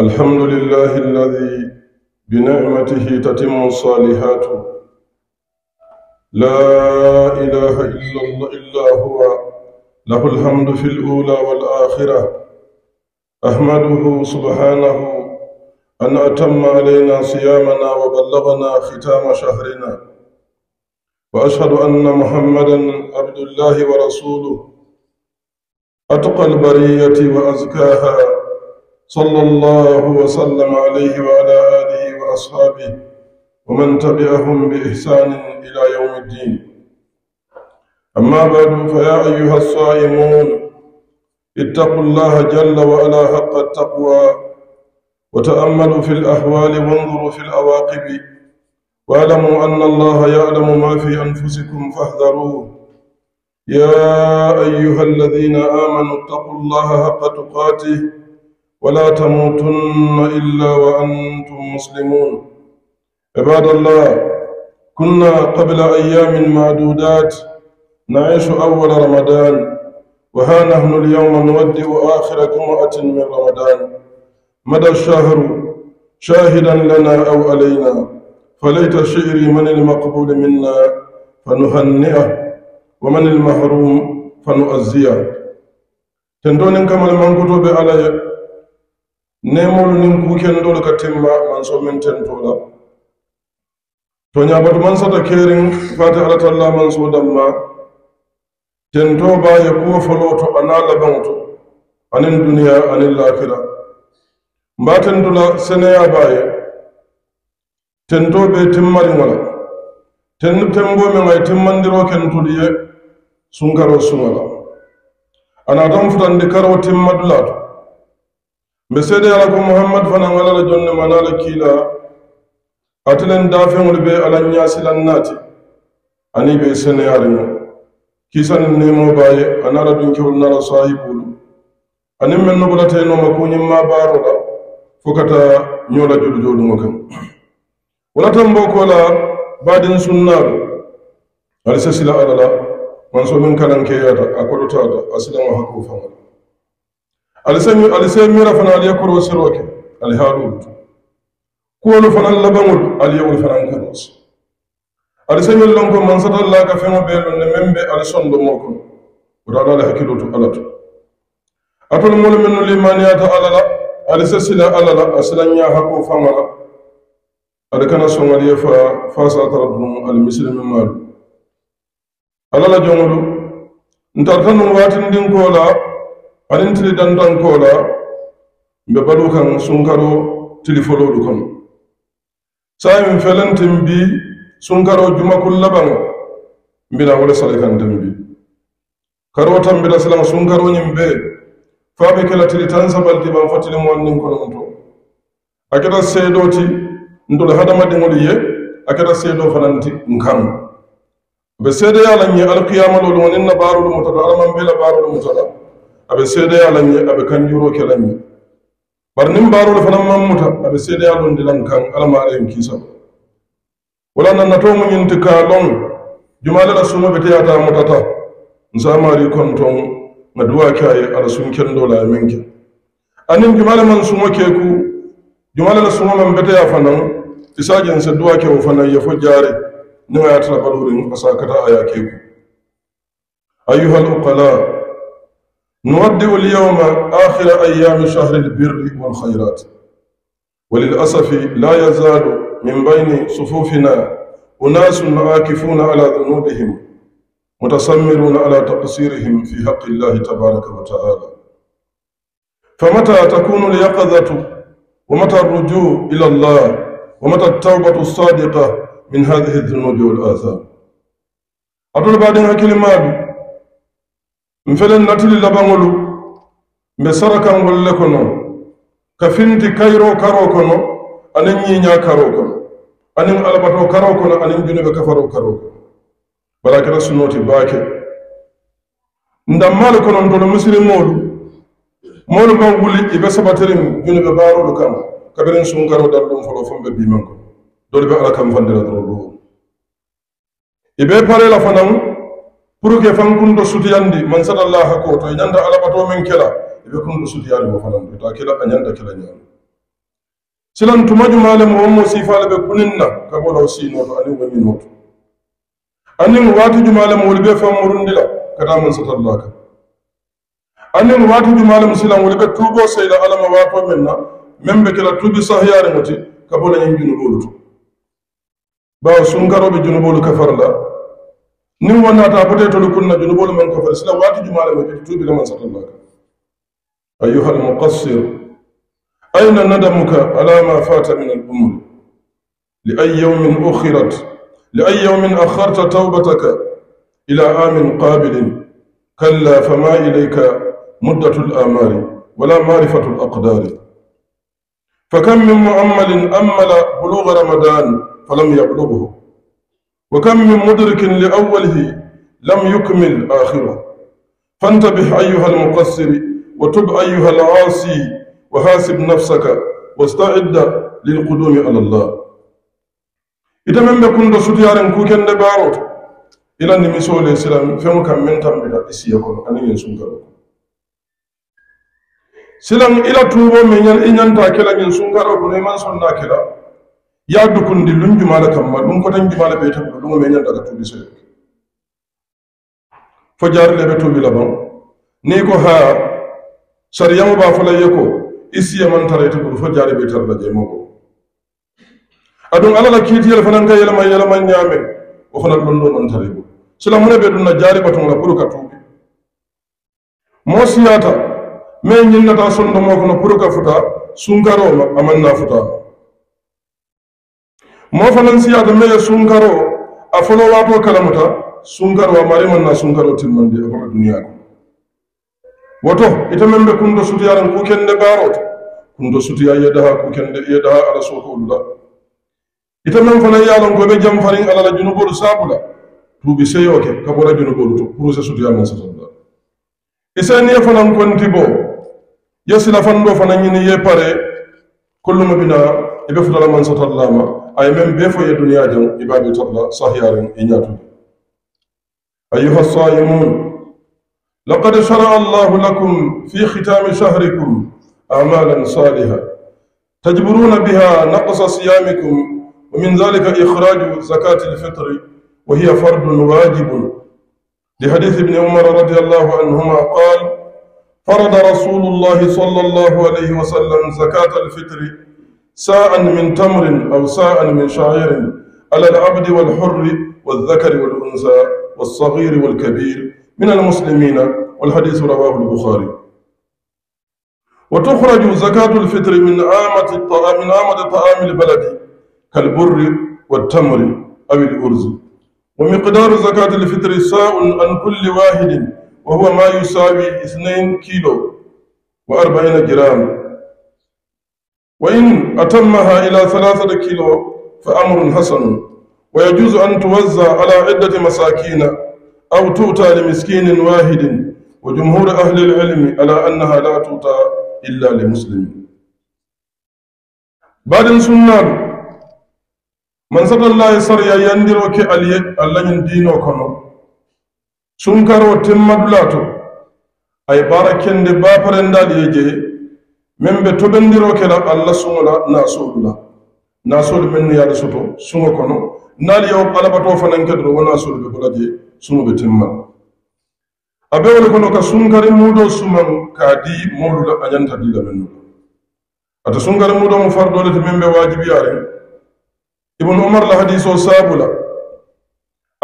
الحمد لله الذي بنعمته تتم الصالحات لا إله إلا الله إلا هو له الحمد في الأولى والآخرة أحمده سبحانه أن أتم علينا صيامنا وبلغنا ختام شهرنا وأشهد أن محمدا عبد الله ورسوله أتقى البرية وأزكاها صلى الله وسلم عليه وعلى آله وأصحابه ومن تبعهم بإحسان إلى يوم الدين أما بعد فيا أيها الصائمون اتقوا الله جل وعلا حق التقوى وتأملوا في الأحوال وانظروا في العواقب واعلموا أن الله يعلم ما في أنفسكم فاحذروه يا أيها الذين آمنوا اتقوا الله حق تقاته ولا تموتن إلا وأنتم مسلمون عباد الله كنا قبل أيام معدودات نعيش أول رمضان وها نحن اليوم نودع آخر جمعة من رمضان مدى الشهر شاهدا لنا أو علينا فليت شعري من المقبول منا فنهنئه ومن المحروم فنؤزيه تندون كما المنكتب على nemolu nin kukenndolu ka timma man sommin tentola to ñabatu man sata kerin fati alatalla man so damma tento baye kofolo to ana labanto anin duniya anin lakira mba tentula seneya baye tento be timmariŋola ten tembo men ay timmandiro kentudu ye sunkaro suŋola ana tan futandi karo timmadulato mbe seede ala ko muhammad fana ŋalala jonne ma naala kiila atelen daafeŋol be ala ñaasilan naati ani be seneyaale ñu kiisanin nemo baaye a naala dunkewol naala sahibuulu anin men nobolateenoma kuñin ma baaro la fo kata ñoola jolujooluŋo kaŋ walatan booko la baadin sunnaalu alisa sila ala la man so min kalan keeyaata a kodotaata a silaŋo hakoo faŋo la ali seemira fana ali yakkoro siroke ali haaluwol to kuwolu fanan labaŋol ali yewol fanan karoosi ali señol lon ko mansatallaka feŋo beelon ne meŋ be ali sondo moo kono wota ala ali hakkilo to ala to atol molu men no limaniyata ala la ali se sila ala la a silan ñahako faŋa la ali kana soŋ ali ye fa faasa tara dunu ali misilimi maalu ala la joŋolu ntarta nun waatindinko la anin tili dandanko la mbe balu kaŋ sunkaro tili fololu kono saayiŋ felentin bi sunkaro jumakul labaŋ mbina wo le sali kantin bi karo tambita silaŋ sunkaro ñiŋ be fo a be ke la tili taŋ sabal dibaŋ fo tili muwanniŋ kononto a keta seedoo ti ntolu hadamadiŋolu ye a keta seedoo fanaŋ ti nkaŋ be seedeya la ñe alkiyama lolu ŋo niŋ na baarolu mutata alamaŋ be la baarolu mutata aɓe seede alanñe aɓe kanjuro kelanñe bar nin mbarol fanan mammuta sai dai alonde lan kan alamaara en kiisam wala nannato muñinti ka lon jumale la sunoɓe teyata mutata nsamari kon ton ga duwake aye aɗa sun kendola minke anin jumale man sumo keku jumale la sumo man beteya fanan isajen se duwake o fanan ye fo jaare niga yatata ɓalurin asakata aya keku ayuha al uqala نودئ اليوم آخر أيام شهر البر والخيرات وللأسف لا يزال من بين صفوفنا أناس عاكفون على ذنوبهم متسمرون على تقصيرهم في حق الله تبارك وتعالى فمتى تكون اليقظة ومتى الرجوع إلى الله ومتى التوبة الصادقة من هذه الذنوب والآثام أدول بعدها كلمات n felen natuli labaŋolu mbe sarakaŋol le kono ka finti kayro karo kono aniŋ ñiiña karo kono aniŋ alabato karo kono aniŋ junube kafaro karo kono bala kela sunoti baake ndammaalu kono ntolu musirimoolu moolu maŋ wuli ibe sabatiriŋ junube baarolu kaŋ kabiriŋ sunkaro dalluŋ folo fo mbe biimeŋ kono doolu be alla kaŋ fandira doro luwo ibe parela fanaŋ pour que fankundo sutiyandi man saɗallaha ko to e ñanda alaɓato men kela eɓe kundo sutiyani mo fananɗo to a kela a ñanda kela ñaam silan tumajumalemo wonmo sifale ɓe kuninna kaɓolaw sinoto anin woninoto anin wati jumalemo woli ɓe fammorundila kada man satallaka anin wati jumalemo silan woli ɓe tuubo seyɗa alama wato menna men ɓe kela tuubi sahyare moti kaɓolañin junuɓolu to ɓawa sunkaroɓe junuɓolu ka farla نو وانا تا بوتيتو لو كنا جنوب لمن كفر اسلام وات جمال ما توبي لمن سات الله ايها المقصر اين ندمك على ما فات من الامور لاي يوم اخرت لاي يوم اخرت توبتك الى عام قابل كلا فما اليك مده الامال ولا معرفه الاقدار فكم من مؤمل امل بلوغ رمضان فلم يبلغه وكم من مدرك لأوله لم يكمل آخره فانتبه أيها المقصر وتب أيها العاصي وحاسب نفسك واستعد للقدوم على الله إذا من بكون رسول يارن كوكين دباروت إلى نمسو الإسلام فهم كم من تنبدا إسيكون أنا ينسون كارو سلام إلى توبو من ين إنان تاكلا ينسون كارو بنيمان سنة كلا yaadukundi lunjumala kamma ɗum kotanjumala ɓeytaɓo ɗum meñan daga tuubi so fo jarileɓe tuubi laban ni ko ha sariyamo ba folaye ko isiyaman e taraytaɓoɗu fo jaari ɓe tarla jeymogo aɗum alala kiitiyel fananka yelama yelama ñaame o fana londo man tariɓo silamune ɓe ɗum na jaari batunga pour ka tuuɓi mo siyata ma ñinnata sondomoko no pour ka futa sunkaroma amanna futama moo fanaŋ si yaata meŋ ye sunkaroo a foloo waatoo kalamuta sunkaroo a maari maŋ na sunkaroo tilmandi a fota duniyaa kono woto ite meŋ be kunto sutuyariŋ kuu kende baaroo to kunto sutuya ye daha kuu kende ala sookoolu ite meŋ fanaŋ ye ko be janfariŋ ala la junuboolu saabu la tuubi seyoo ke ka bora junuboolu to pour se sutuya meŋ sasalla isaani ye fanaŋ konti boo ye silafandoo fanaŋ ñini ye pare kolluŋo bi ibe futala man sotallama ay men be fo ye duniya jam ibabi tolla sahyarin e ñatude ayuha لقد شرع الله لكم في ختام شهركم أعمالا صالحة تجبرون بها نقص صيامكم ومن ذلك إخراج زكاة الفطر وهي فرض واجب لحديث ابن عمر رضي الله عنهما قال فرض رسول الله صلى الله عليه وسلم زكاة الفطر ساء من تمر أو ساء من شعير على العبد والحر والذكر والأنثى والصغير والكبير من المسلمين والحديث رواه البخاري وتخرج زكاة الفطر من آمة الطعام من آمة طعام البلد كالبر والتمر أو الأرز ومقدار زكاة الفطر ساء عن كل واحد وهو ما يساوي 2 كيلو و40 جرام وإن أتمها إلى ثلاثة كيلو فأمر حسن ويجوز أن توزع على عدة مساكين أو تؤتى لمسكين واحد وجمهور أهل العلم على أنها لا تؤتى إلا لمسلم بعد سنة من صلى الله صلى يندر وكي علي الله يندين وكنو سنكر وتم مبلاتو أي باركين دي بابرن دالي يجي min ɓe toɗondirokela allah suŋola nasoolula nasoolu menno yaade soto suŋo kono naali yaw alabato fanankedoro wo nasoolu ɓe golaje suŋo ɓe timma a ɓewol kono ka sunkari muɗo suman ka di moolula a ñanta dila men nula ata sunkari muɗo mo fardolete min ɓe waajibiyaren ibnu umar la hadis o saabula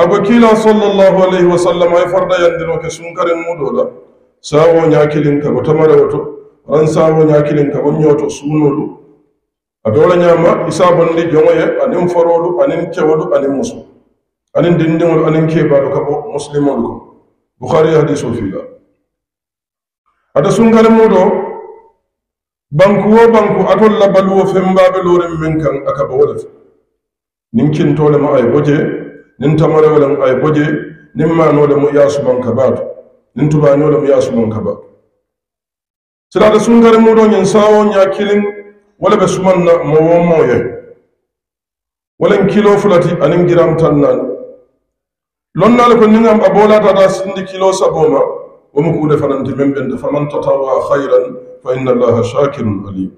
ago kiila sallllahu alayhi wa sallam ay farda yandiroke sunkari muɗola saawo ñakilin kago tamarewoto an saabo ñakilin ka won ñooto suunolu a doola ñaama isaabondi joŋoye anin forolu anin cewolu anin musu anin dindiŋolu anin keebaalu ka bo musilimolu ko bukhari hadiso fiila ata sunkale muto banku wo banku atol la baluwo fembaabe loorin min kan a ka bowo lefe nin kintole ma aye bo je nin tamarewolem aye bo je nin maanole mu yaasuman ka baatu nin tubaañole mu yaasuman ka baatu sira da sun gari mudo nyin sawo nya kilin wala be suman na mo wo mo kilo fulati anin giram tannan. Lonna lon na ko ninga abola ta da sindi kilo saboma wa mu kude fananti memben da faman tatawa khairan fa inna allaha shakirun alim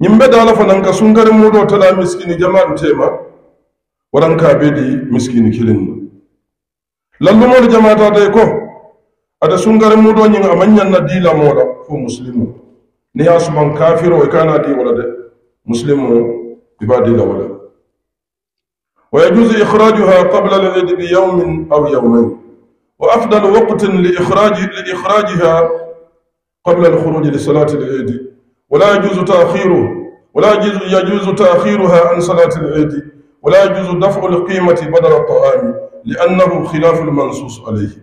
nyimbe dala fanan ka sun gari mudo tala miskini jama'an tema waran ka be miskini kilin lallumo jama'a ta dai ko ada sungar mu do nyinga amanyan na dila mola fo muslimu ni ya suman kafiro e kana di wala de muslimu ibadi la wala ويجوز إخراجها قبل العيد بيوم أو يومين وأفضل وقت لإخراج لإخراجها قبل الخروج لصلاة العيد ولا يجوز تأخيره ولا يجوز تأخيرها عن صلاة العيد ولا يجوز دفع القيمة بدل الطعام لأنه خلاف المنصوص عليه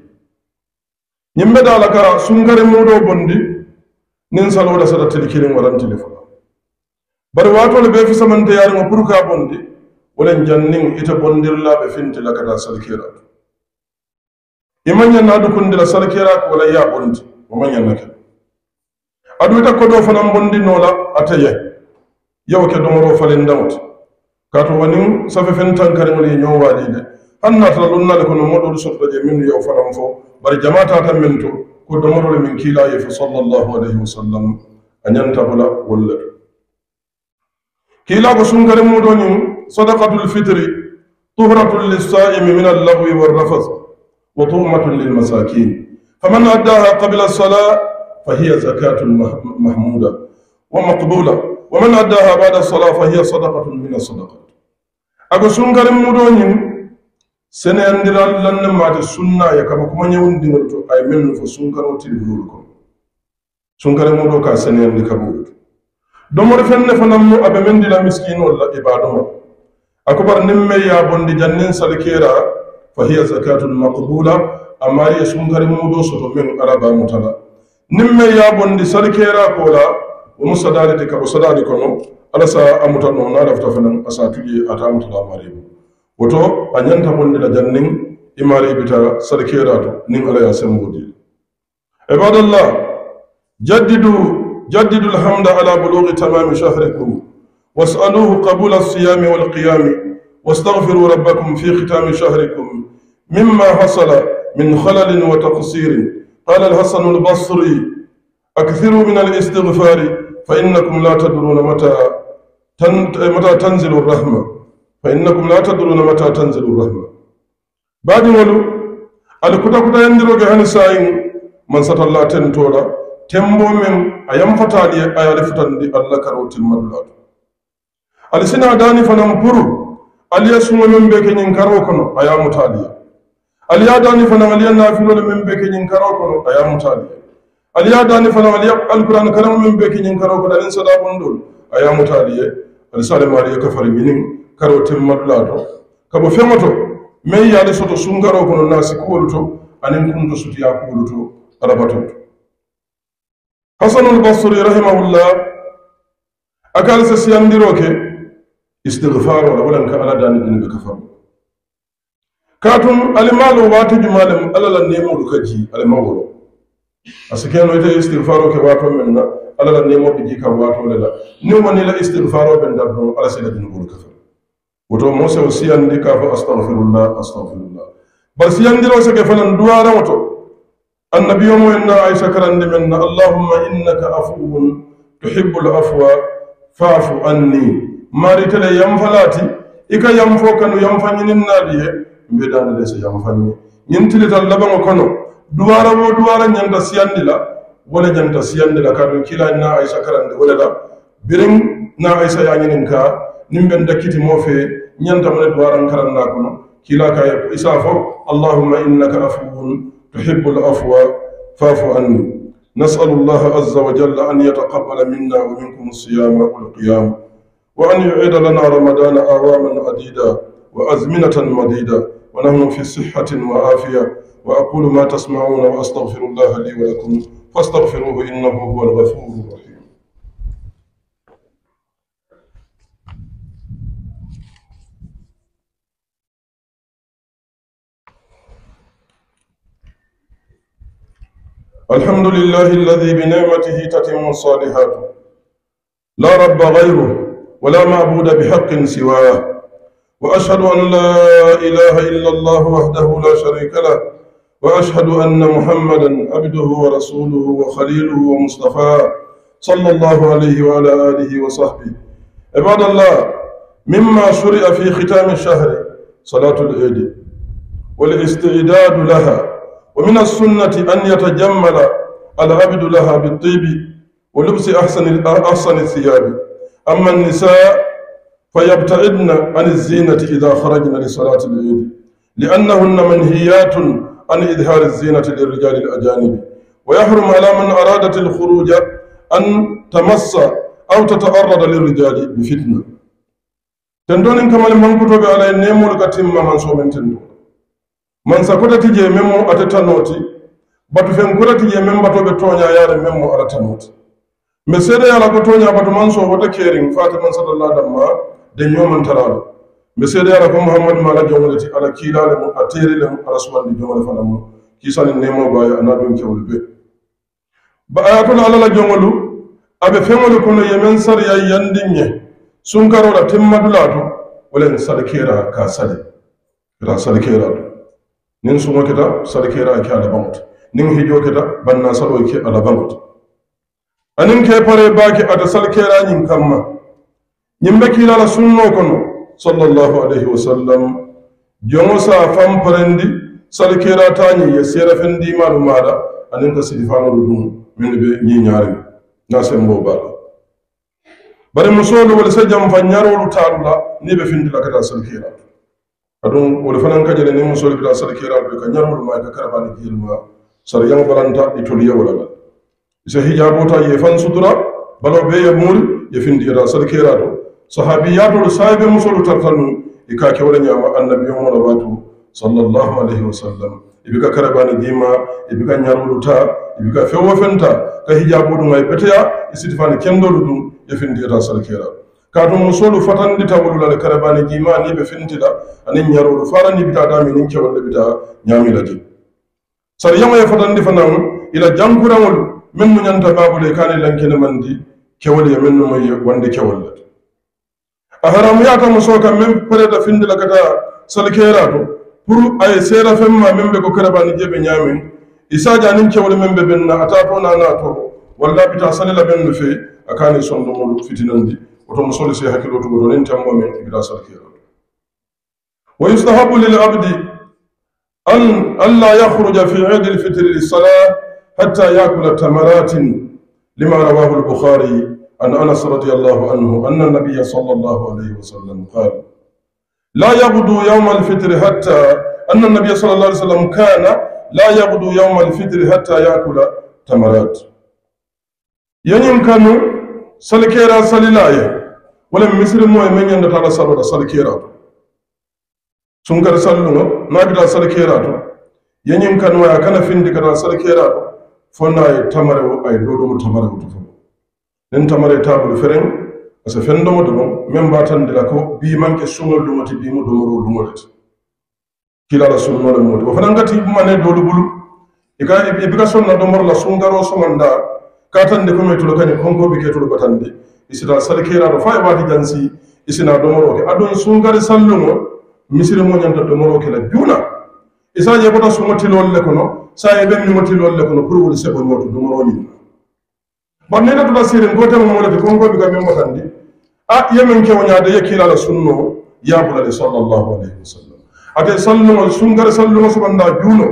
ñiŋ be daa la ka sunkari muudoo bondi niŋ saloo da sota tili kiliŋ walaŋ tili fula bari waatoo le bee fisamanteyaariŋo puru ka a bondi wo leŋ jaŋ niŋ ite bondirilaa be finti la ka taa salikeeraa to i maŋ ñaŋ naa dukundi la salikeeraa ko wala ye a bondi wo maŋ ñaŋ na ke aduŋ ite kodoo fanaŋ bondi noo la ate ye ye wo ke domoroo falindaŋo ti kaatu wo niŋ safefeŋ tankariŋolu ye ñoo waadii le haŋ naata la luŋ na le kono moo doolu sotola je minnu ye wo fanaŋ fo bari jamaata tan min to ko domorole min kiilaye fo sallllahu alayhi wa sallam a ñantabula wolle to kiilaako sunkare muɗonin sadaqatul fitri tuhratun lissaimi min allahwi walrafas wa tumatun lilmasakin faman addaha qabla alsala fahiya zakatun mahmuda wa maqbula ومن أداها بعد الصلاة فهي صدقة من ago أقول سنكر مدونين sene andiral lanne sunna ya kama kuma ñawndinol to ay men fo sunkaro tilbinol Sun sunkare muɗo ka sene andi kaɓoɗo domore fenne fanammo aɓe mendila miskinol la ibadoma akbar nimme bondi jannin salkera fa hiya zakatun maqbula amma ye do so soto men araba mutala nimme yabondi salkera kola womu sadalete kaɓo sadali kono alasa amutano na lafta fanan asa tuƴe ata amutala maribo woto a ñanta bonde la jannin imari bita sarkerato nin ala ya sembodi ibadallah jaddidu jaddidu alhamda ala bulughi tamami shahrikum was'aluhu qabula as-siyami wal qiyami واستغفروا ربكم في ختام شهركم مما حصل من خلل وتقصير قال الحسن البصري أكثروا من الاستغفار فإنكم لا تدرون متى متى تنزل الرحمة fa innakum la tadruna mata tanzilu rahma badin walu al kuta kuta yandiroge hani sayin man satalla ten tora tembo men a yamfatali a yali futandi allah karotil madulatu ali sina dani fanan puru ali ya sumo men be kenyin karo kono a yamutaliya ali ya dani fanan ali ya nafilole men be kenyin karo kono a yamutaliya ali ya dani fanan ali ya alquran karamu men be kenyin karo kono alin sada bondol a yamutaliya ali sale mariya kafar minin karo temmadula to kabo feŋo to meŋ ye soto sunkaroo kono naasikuwolu to aniŋ kunto sutiyakuwolu to arabato to hasanul basri rahimahullah a ka ali se siyandiroo ke istigfaro la walaŋ ka ala daani dunubi kafaro kaatum alimaalu waati juma lem alla la neemoolu ka jii alima wolo a keno ite istigfaro ke waato meŋ na alla la neemoo be jii ka waato le la niŋ ma niŋ la istigfaro beŋ dar doŋ alla si la dunubolu kafaro woto mo sewo siyandi ka fa astahfirullah astahfirullah bar siyandiroo seke fanan duwara woto annabiyo mo na aicha karande men na allahumma innaka afuwun tuhibbu afwa faafu anni mari tele yamfalati ika yamfo kanu yamfañinin naadi he mbeɗani de so yamfañi ñin tilita laɓaŋo kono duwaara wo duwaara ñanta siyandi la wala ñanta siyandi la kaɗum kilañ na aicha karande wala la birin na yaa yañinin kaa. نمبن دكتي موفي نيانتا من دوارا كران كلا كاي إسافو اللهم إنك عفو تحب العفو فاعف عني نسأل الله عز وجل أن يتقبل منا ومنكم الصيام والقيام وأن يعيد لنا رمضان أعواما عديدة وأزمنة مديدة ونحن في صحة وعافية وأقول ما تسمعون وأستغفر الله لي ولكم فاستغفروه إنه هو الغفور الرحيم الحمد لله الذي بنعمته تتم الصالحات لا رب غيره ولا معبود بحق سواه وأشهد أن لا إله إلا الله وحده لا شريك له وأشهد أن محمدا عبده ورسوله وخليله ومصطفاه صلى الله عليه وعلى آله وصحبه عباد الله مما شرع في ختام الشهر صلاة العيد والاستعداد لها ومن السنة أن يتجمل العبد لها بالطيب ولبس أحسن أحسن الثياب أما النساء فيبتعدن عن الزينة إذا خرجن لصلاة العيد لأنهن منهيات عن إظهار الزينة للرجال الأجانب ويحرم على من أرادت الخروج أن تمس أو تتعرض للرجال بفتنة تندون كما لم ينكتب على النيم والكتم من صوم تندون man sakota ti je memo ate tanoti batu fenkura ti je mem bato be tonya yare memo ala tanoti me sede yala ko tonya batu man so wata kering fati man sallallahu alaihi wasallam de nyoman talalo me sede yala ko muhammad mala jongole ti ala kilale mo atere le mo ala suwandi jongole fana mo kisani nemo bayo anadun kewlu be ba ayatullah ala la jongolu abe feŋolu kono yemen sariya yandiŋ ye sunkarola timmadula to wolen salikera ka sali ita salikera nin sumo keta sali kera ke ala bangota nin hijo keta banna salo ke ala bangota anin ke pare baki ada sali kera nyin kamma nyin be kila la sunno kono sallallahu alaihi wasallam jomo sa fam parendi sali kera ta nyi ya sera fendi maru mada anin ka sidi fano dum min be nyi nyari na sembo bala bare musolo wal sajam fanyaro lutalla ni be findi la kata sali kera to kadum wala fanan ka jere ne mun soli bila sala kira be kanyar mun ma ka karba ni kilma sar yang balanta itul ya wala isa hijabu ta ye fan sutura balo be ya mul ye fin dira sala kira to sahabiyatu sahibi musul tartanu ika ke wala nyama annabi mun rabatu sallallahu alaihi wasallam ibika karba ni dima ibika nyarulu ta ibika fewo fenta ka hijabu dum ay betya isitfani kendo dum ye fin dira sala kira kaatu musolu fatandi tabulu la karabani kima ni be finti la ani nyarolu fara ni bita dami ni kewol le bita nyami la ti sari yama ya fatandi fanan ila jankura ngol min mu nyanta babule kane lankene mandi kewol ya min moy wande kewol la a haramu yata muso kan min pare da findi la kata salkera to pour ay sera femma min be ko karabani jebe nyamin isa janin kewol min be benna ata to na na to walla bita salila ben no fe akani sondo mo fitinandi oto musolu si hakkilo tugoto nin temmo men igira sarkiyalo wa yustahabu lil abdi an alla yakhruja fi eid al fitr lisalah hatta yakula tamaratin lima rawahu al bukhari عن أنس رضي الله عنه أن النبي صلى الله عليه وسلم قال لا يغدو يوم الفطر حتى أن النبي صلى الله عليه وسلم كان لا يغدو يوم الفطر حتى يأكل تمرات ينم كانوا سلكيرا سليلايه wala misiri moye me ñandata la salo la sali kerato sunkari salluŋo naabita sali kerato yeñiŋ kanuwaya kana findi kata sali kerato fo na ye tamarewo a ye doodomo tamarewo to fo nin tamare taabulu fereŋ parce que feŋ domo domo meŋ baatandi la ko bii maŋ ke suŋol luŋo ti bii mu domoroo luŋo le ti kiila la sunnoo le moo ti wo fanaŋ ka tii buma ne doolu bulu i ka i bi ka soŋ na domoro la sunkaroo soŋondaa ka tandi ko me tulu ka ñiŋ honko bi ke tulu batandi isita sarkeraɗo fa e waati jansi isina domoroke aɗum sunkari sallugo misiri mo ñanta domoroke la juula isa yeɓata sumo tilol le kono sa yeɓen mimo tilol le kono pour woni seɓol woto bon nena tuta sirin gotemo molete konkoɓe ga min motandi a yemin kewñade yekkilala sunno yaɓulale sallllahu alayhi wa sallam ate sallugol sunkari sallugo suɓanda juulo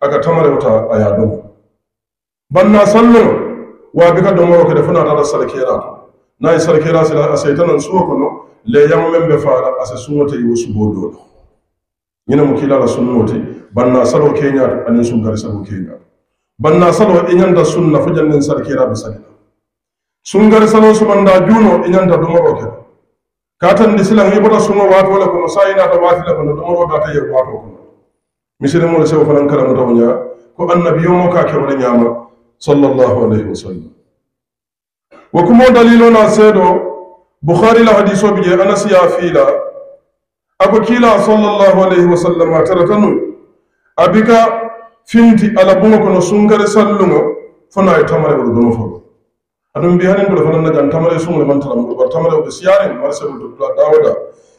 aga tamare wota aya domo banna sallugo waabi ka domoroke de fona tata nayi sarkira sila a seytanan suwo kono le yamo men be fara a se suŋote iwo suboo doolu ñinemu kilala sunnoti banna saloo keñaatu aniŋ sunkari saloo keñaatu banna saloo i ñanta sunna fo janniŋ sarkira be salita sunkari saloo sumanda juuno i ñanta domoro ke kaatandi silaŋ i bota suŋo waatoo le kono sayinaata waati le kono domoro data ye waatoo kono misiri mulu sewo fanaŋ karamutawo ñaa ko annabiyomo ka ke wole ñaama sallallahu alayhi wa sallam wo kumo dalilona seeɗo bouhari la hadise oɓe je anasiya fiila ako kiila sallllahu alayhi wa sallam a tarata nu abika finti ala bunga kono sunkare sallugo fona e tamare oɗo dono fof aɗum mbi hanin ɓoɗo fana nagan tamare sugle mantala muɗo bar tamare oɓe siyaren marsebuldoa dawoda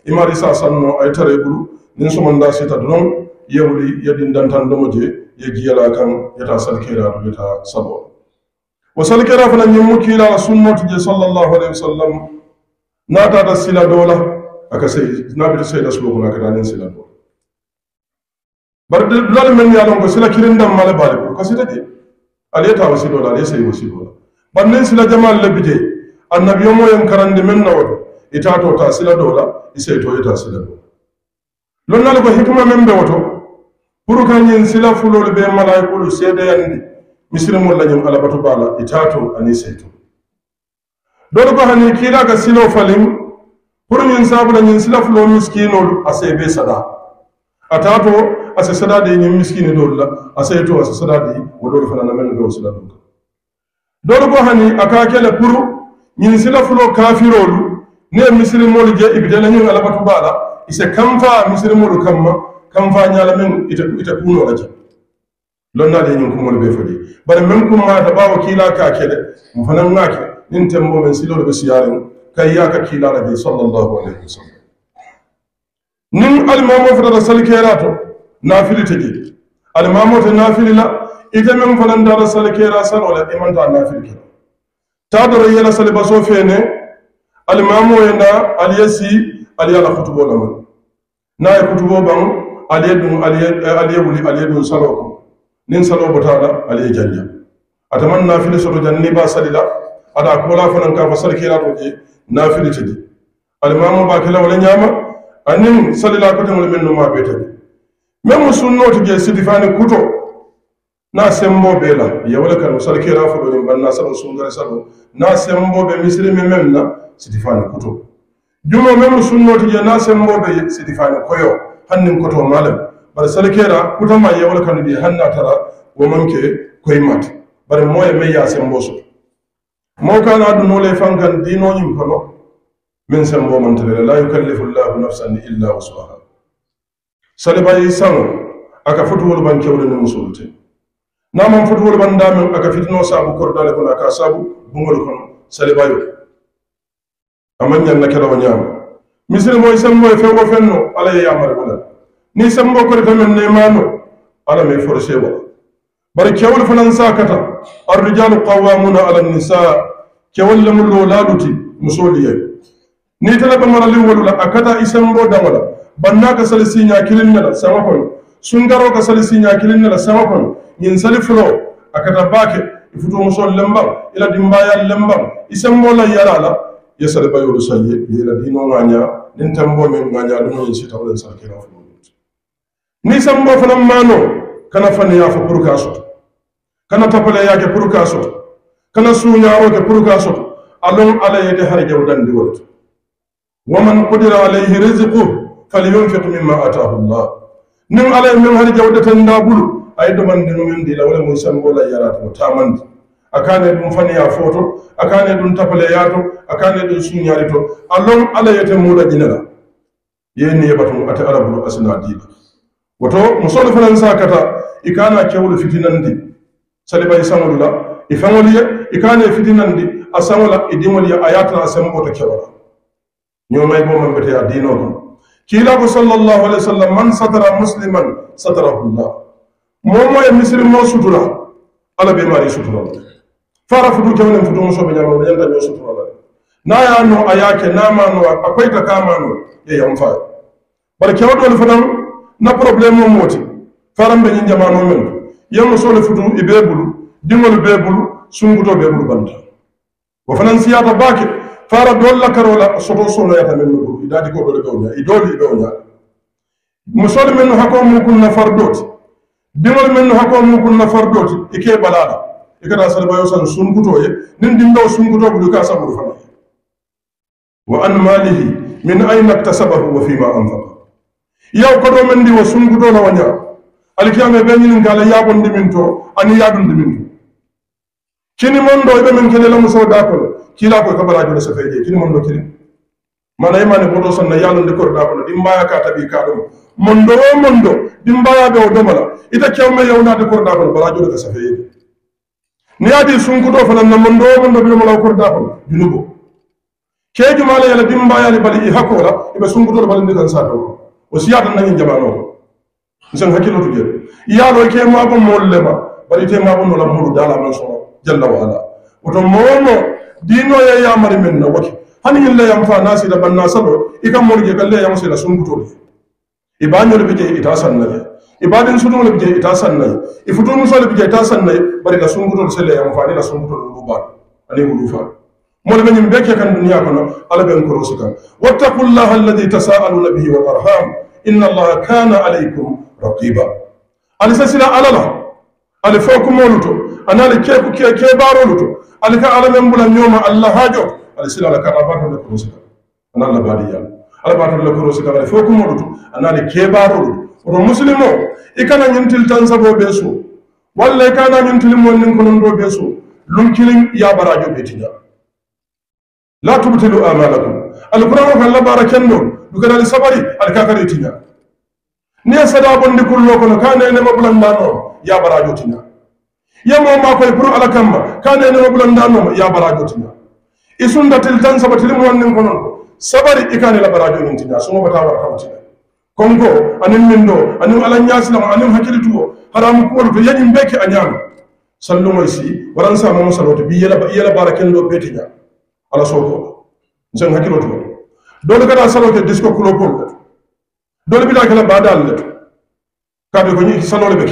imari sa sanno ay tare ɓuru nin somanda sita donon yewli yaɗin dantan domo je ye jiyala kan yata sal keraɗu yata saɓoo wasali kɛra fana ɲin mu kila a sunnati je sallallahu alaihi wasallam n'a taata sila dɔ la a ka sai n'a bɛ sai da sulo kɔnɔ a ka taa ni sila dɔ bari dulali min y'a lɔn ko sila kirin dan male b'ale bolo kasi tɛ ale ta wasi dɔ la ale sai wasi dɔ la bari ni sila jama le bi je annabiyo mo yen karande min na wato ita ta sila dɔ la i sai sila dɔ lon nale ko hikima min bɛ wato pour ka ɲin sila fulolu bɛ malayikolu misiri mo alabatu bala itatu ani seytu dodo ko hani kila ka silo falim pour ñun sabula ñun sila fulo miskinol ase be sada atato ase sada de ñum miskini dol la ase to ase sada de wodol fana na men do sila dum dodo ko hani aka kele pour ñun sila fulo kafirol ne misiri je ibide la ñun alabatu bala ise kamfa misiri mo kamma kamfa nyala men ite ita kuno la je lonna de ñun kumol bai fodi bare men kum ma ta bawo kila ka kede mu fanan ngake nin tembo men silor be siyaren kay ya ka kila rabbi sallallahu alaihi wasallam nin da fata salkera to nafili tege almamo ta nafili la ita men fanan da salkera sanola iman ta nafili ke ta dara yela salba so ne almamo yana aliyasi aliyala khutubo lamal na kutubo ban aliyadun aliyadun aliyadun saloko nin salo da ali e janja ataman nafili soto janni ba salila ada kola fanan ka fa sarki la toje nafili tidi alimamu ba kala wala nyama anin salila ko tan min ma beta sunno to je sitifani kuto na sembo bela ya wala kan sarki la fa do banna salo sundare salo na sembo be misri men na sitifani kuto jumo sunno to je na sembo be sitifani koyo hannin kuto malam bara sele keera kutama yewol kandu ɗi han natara womon ke koye mate bara moye ma ya sembo soto mokana adunole fankan dinoñin kono min sembo mantarere la yukallifu llahu nafsan illa usuha sele bay sango aka fotuwol ban kewle ni musolute naman fotuwol ban damin aka fitino sabu kordale kono aka sabu bugol kono sele bayo amañannakelawo ñama misiri moy semmoye fewo fenno alaye yamare wulal ni sambo ko to men nemano ala me forcé ba bar kewul fanan sakata ar-rijalu qawwamuna ala an-nisaa kewul lamul waladuti musoliye ni talaba marali walula akata isembo dawala banna ka sal sinya kilin nala sama kono sungaro ka sal sinya kilin nala sama kono nyin sali fulo akata bake ifuto musol lemba ila dimbaya lemba isambo la yarala yasal bayulu sayye ila dino nganya nin tambo men nganya dum nyin sitawlen sarkira Nisan sambo fana mano kana fanni ya fa furka su kana tafale ya ke furka su kana suñaro ke furka su alon alaye da har jawdandi wa waman qudira alaihi rizqu falyunfiq mimma ataahu allah nin alaye min har da tan dabulu ay man no min dila wala mun san sambo ta yarato tamandi akane dum fanni ya foto akane dum tapale yato akane dum sunya to alon ala yete mula yen ne batun ata arabu asna diba woto musolu fanaŋ sa kata i ka na kewolu fitinandi saliba i saŋolu la i feŋolu ye i ka na fitinandi a saŋo la i diŋolu ye a ye a tana a sembo to kewo la ñooma i bo maŋ beteya diinoo kono kiila ko sallallahu alaihi wasallam man satara musliman satarahullah moo moo ye misilimoo sutura ala be maari sutura la fara futu kewne futu muso be ñama be ñanta ñoo sutura la n'a y'a nɔ a y'a kɛ n'a ma nɔ a koyita k'a ma nɔ ye yan fa ye bari kewo doolu fanaŋ na probléme o mooti faranɓe ñin jamano men yamma sole futu e beebulu diŋol beebulu sunguto beebulu banta o fanan siyata baake fara dool lakkarola soto soloyata men no ɓuru idaadi ko ɗole ɓe o ña i dooli ɓe o ñaade musole men no hakkoo mukun nafar dooti diŋol men no hakkoo mukun nafar dooti i ke ɓalaɗa i kata sadabayo san sungutoye nin ɗinɗo sunguto ɓulu ka saburu fana wa an malihi min ayna iktasabahu wa fima yaw do men ndi wo sunkutola waña alkiyama e ɓe ñininkala yaɓondi min to ani ya yaɗundi min kini mon ɗo e ɓe men kelela musowo dakol kila koye kabarajole so feeje kini mon ɗo kini mana e ko imani boto sonna yalonde korɗa kono ɗi mbaya ka tabi ka ɗum mondo o mondo mbaya mbayaɓe o domala ita me kewme yewnade korɗa kono bala joɗo ka safeyeji ni adi sunkuto fananna mondo o mondo ɓe domala o korɗa kono junubo kejumala yala ɗi mbayali bali i hakkola eɓe sunkutoɗo balindi kan sa dow o siyata nangin jabano nsen hakkilo tuje yaalo ke mabo molle ma bari te mabo la mulu dala man soro jalla wa ala oto momo dino ya yamari men na waki hani illa yam fa nasi da banna salo ika morje galle yam sila sunguto de ibanyo le bije ita sanna ibadin sudu le bije ita sanna ifutu muso le bije ita sanna bari la sunguto sele yam fa ni la sunguto ruba ani hulufa mol be ñin be ke kan duniya kono ala ben korosi kan wattaqullaha alladi tasaaluna bihi wal arham inna allaha kana alaykum raqiba ali sasila alala ali fo kumolu to ana ali keku ke ke barolu to ali ka ala men bula ñoma allah hajo ali sila ala kana bato le korosi kan ana allah badi yalla ala bato le korosi kan ali fo kumolu to ana ali ke barolu to oto muslimo ikana ñintil tan sabo be so walla ikana ñintil mon nin konon do be so lunkilin ya barajo be tiña la tubtilu amalakum alquran kan la barakan no dukana sabari alkakari tinya ne sada bondi kullo kono kana ne mabulan nano ya barajo tinya ya mo ma koy pro alakamba kana ne mabulan nano ya barajo tinya isunda tan sabatil mo wannin kono sabari ikane la barajo nin tinya sumo bata war tinya kongo anin min do anin alan yasilam anin hakilituwo haramu kuwol to yañim beke anyam sallu sallumoy si waran sa mo salatu bi yela yela baraken do ala soto sen hakilo to dole kana salo ke disko kulo ko dole bida kala badal le kabe ko ni salo le be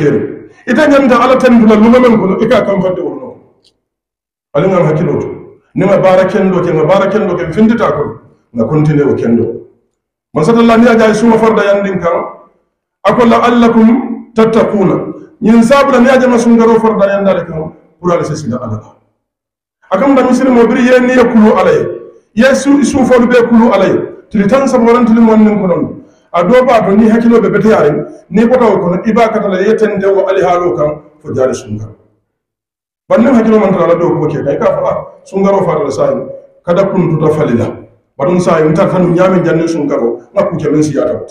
ita nyamta ala tan dula men ko ika kan fadde wonno ala ngam hakilo to ni ma baraken do ke ma baraken do ke findita ko na kontine o kendo man sallallahu alaihi wasallam ya suma farda yandin kan akolla allakum tattakuna nyin sabra ni ajama sungaro farda yandale kan pura le sesida ala akan bani sir mo bir yen ni yakulu alay yesu isu fo be kulu alay tili tan sa bolan tili mon nin kono ado ba to ni hakilo be bete yare ni ko taw kono iba la yeten de wo ali halu kan fo jari sunga bannin hakilo man tala do ko ke kai ka fa ro fa da sai kada kun tuta falila badun sai mutar tanu janne sunga ro na ku ke min siyata ko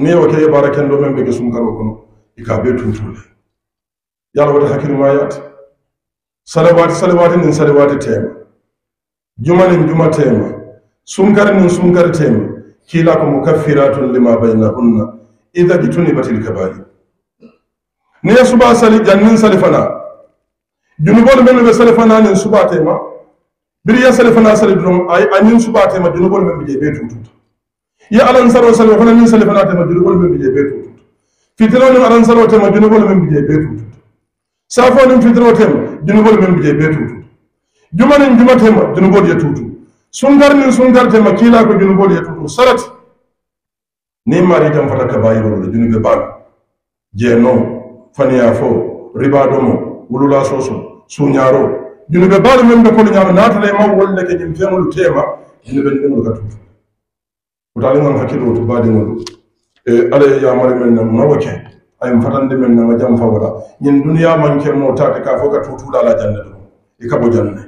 ne wa ke barakan do men be ro kono ikabe tutule yalla wata hakilo ma yati salawati salawaati nin salawati tema juma nin juma tema sunkari niŋ sunkari tema kila ko mukaffiratun lima bainahunna idha jitunibatil kabair ne suba sali janniŋ sali fana junubolu men be sali fana nin suba tema biri ye sali fana sali dum a anin suba tema junubolu men be be tutu ya alan saro sali fana nin sali fana tema junubolu men be be tutu fitilonu alan saro tema junubolu men be be tutu safo nin fitiro tema junubol men bije be tutu juma nin juma tema junubol ye tutu sungar nin sungar tema kila ko junubol ye tutu sarat ni mari jam fata kabayiro do junube ba je no faniya fo riba do mo wulula soso sunyaro junube ba men be ko nyaama natale ma wolle ke jim femul tema junube ndemul ka tutu utali ngon hakilo to badi ngon e eh, ale ya mari men na mawake ayin de men nanga jam fawala dunya man ke mo tati ka fo ka tutula ala janne ɗum i bo janna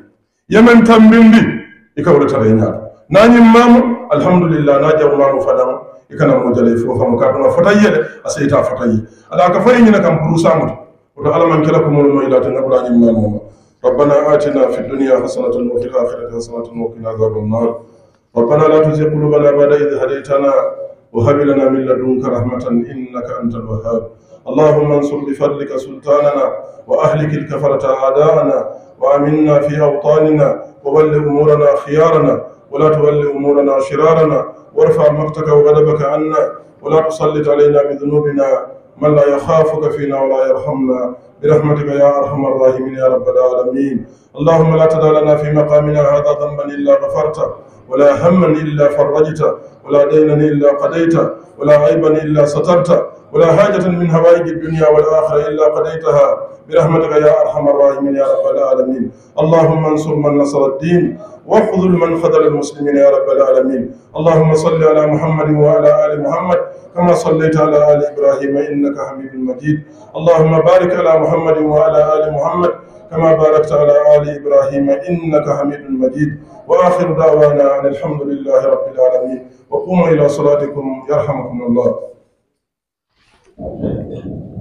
yemen tam bimbi i wala tare tara na nañin mam alhamdulillah na jam ma mamu fadam i na mo jale fo famo ka do ɗuma fotaye de a seyta fotaye ala ka fayi ñina kam pour samude woto ala man la ko mo no ila ilate naɓurañin mamuma ربنا آتنا في الدنيا حسنة وفي الآخرة حسنة وقنا عذاب النار ربنا لا تزغ قلوبنا بعد إذ هديتنا وهب لنا من لدنك رحمة إنك أنت الوهاب اللهم انصر بفضلك سلطاننا وأهلك الكفرة أعداءنا وأمنا في أوطاننا وول أمورنا خيارنا ولا تول أمورنا شرارنا وارفع مقتك وغضبك عنا ولا تسلط علينا بذنوبنا من لا يخافك فينا ولا يرحمنا برحمتك يا أرحم الراحمين يا رب العالمين اللهم لا تدع لنا في مقامنا هذا ذنبا إلا غفرته ولا هما إلا فرجته ولا دينا إلا قضيته ولا عيبا إلا سترته ولا حاجة من هوائج الدنيا والآخرة إلا قضيتها برحمتك يا أرحم الراحمين يا رب العالمين اللهم انصر من نصر الدين واخذل من خذل المسلمين يا رب العالمين اللهم صل على محمد وعلى آل محمد كما صليت على آل إبراهيم إنك حميد مجيد اللهم بارك على محمد وعلى آل محمد كما باركت على آل إبراهيم إنك حميد مجيد وآخر دعوانا أن الحمد لله رب العالمين وقوموا إلى صلاتكم يرحمكم الله